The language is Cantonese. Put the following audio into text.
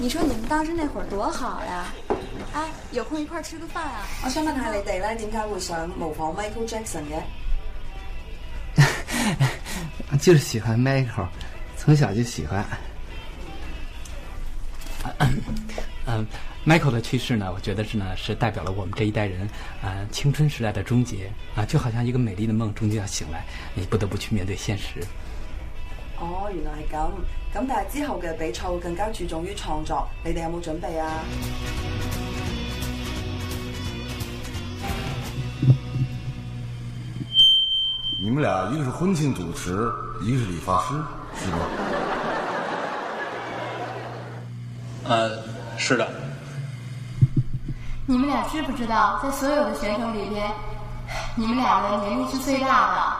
你說你們當時那會兒多好呀！哎、啊，有空一塊兒吃個飯啊！我想問下你哋咧，點解會想模仿 Michael Jackson 嘅？ 就是喜歡 Michael，從小就喜歡。嗯 ，Michael 的去世呢，我覺得是呢，是代表了我們這一代人啊青春時代的終結啊，就好像一個美麗的夢終究要醒來，你不得不去面對現實。哦，原來係咁。咁但係之後嘅比賽會更加注重於創作，你哋有冇準備啊？你們倆一個是婚慶主持，一個是理髮師，是嗎？嗯， uh, 是的。你們倆知不知道，在所有的選手裏邊，你們倆嘅年齡是最大的？